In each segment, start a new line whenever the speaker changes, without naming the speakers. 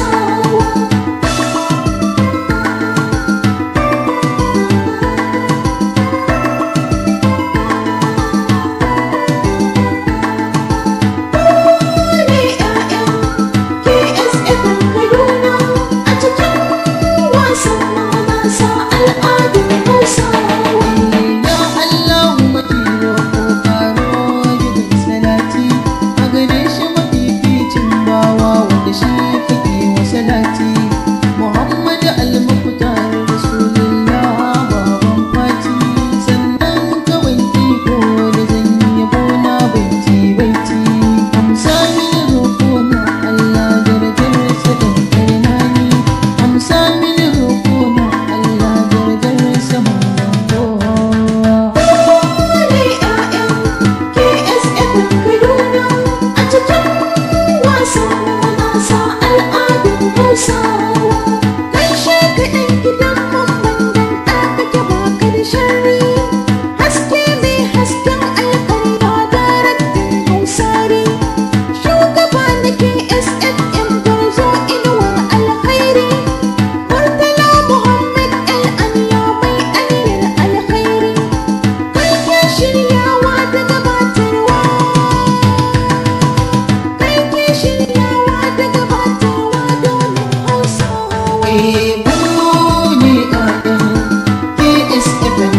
Oh.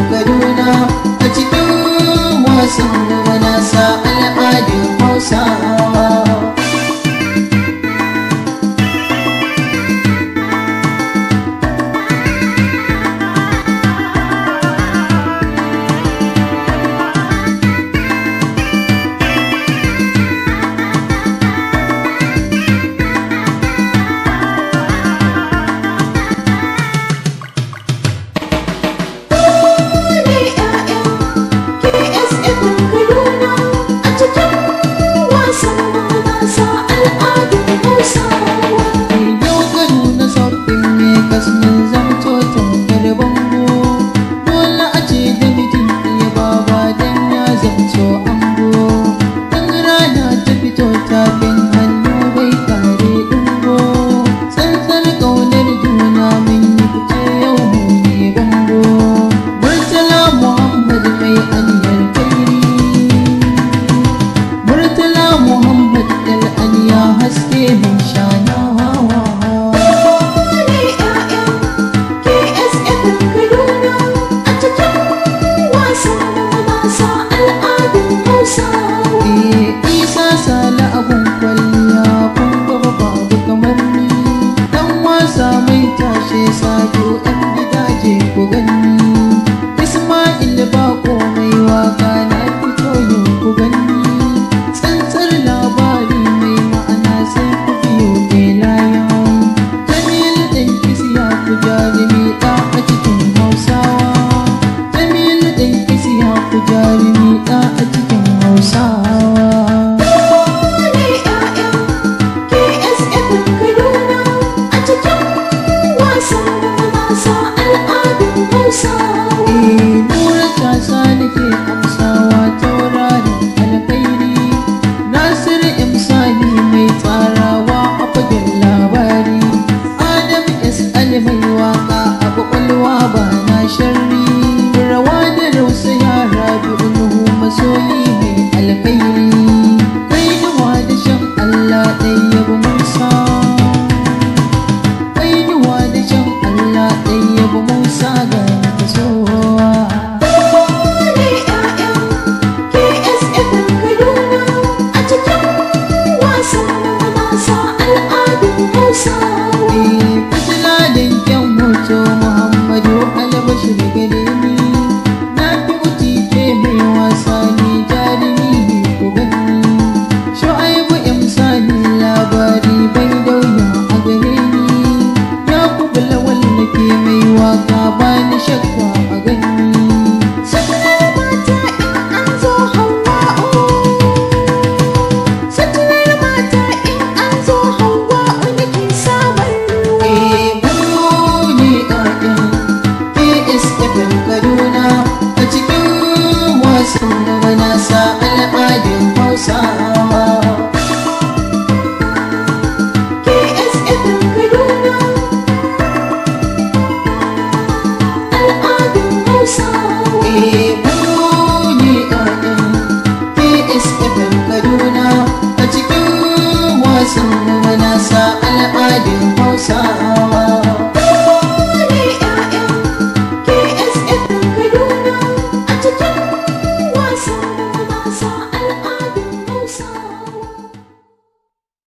Kaduna a cikin wasan gona sa al'adun Hausa. sorriso 啊。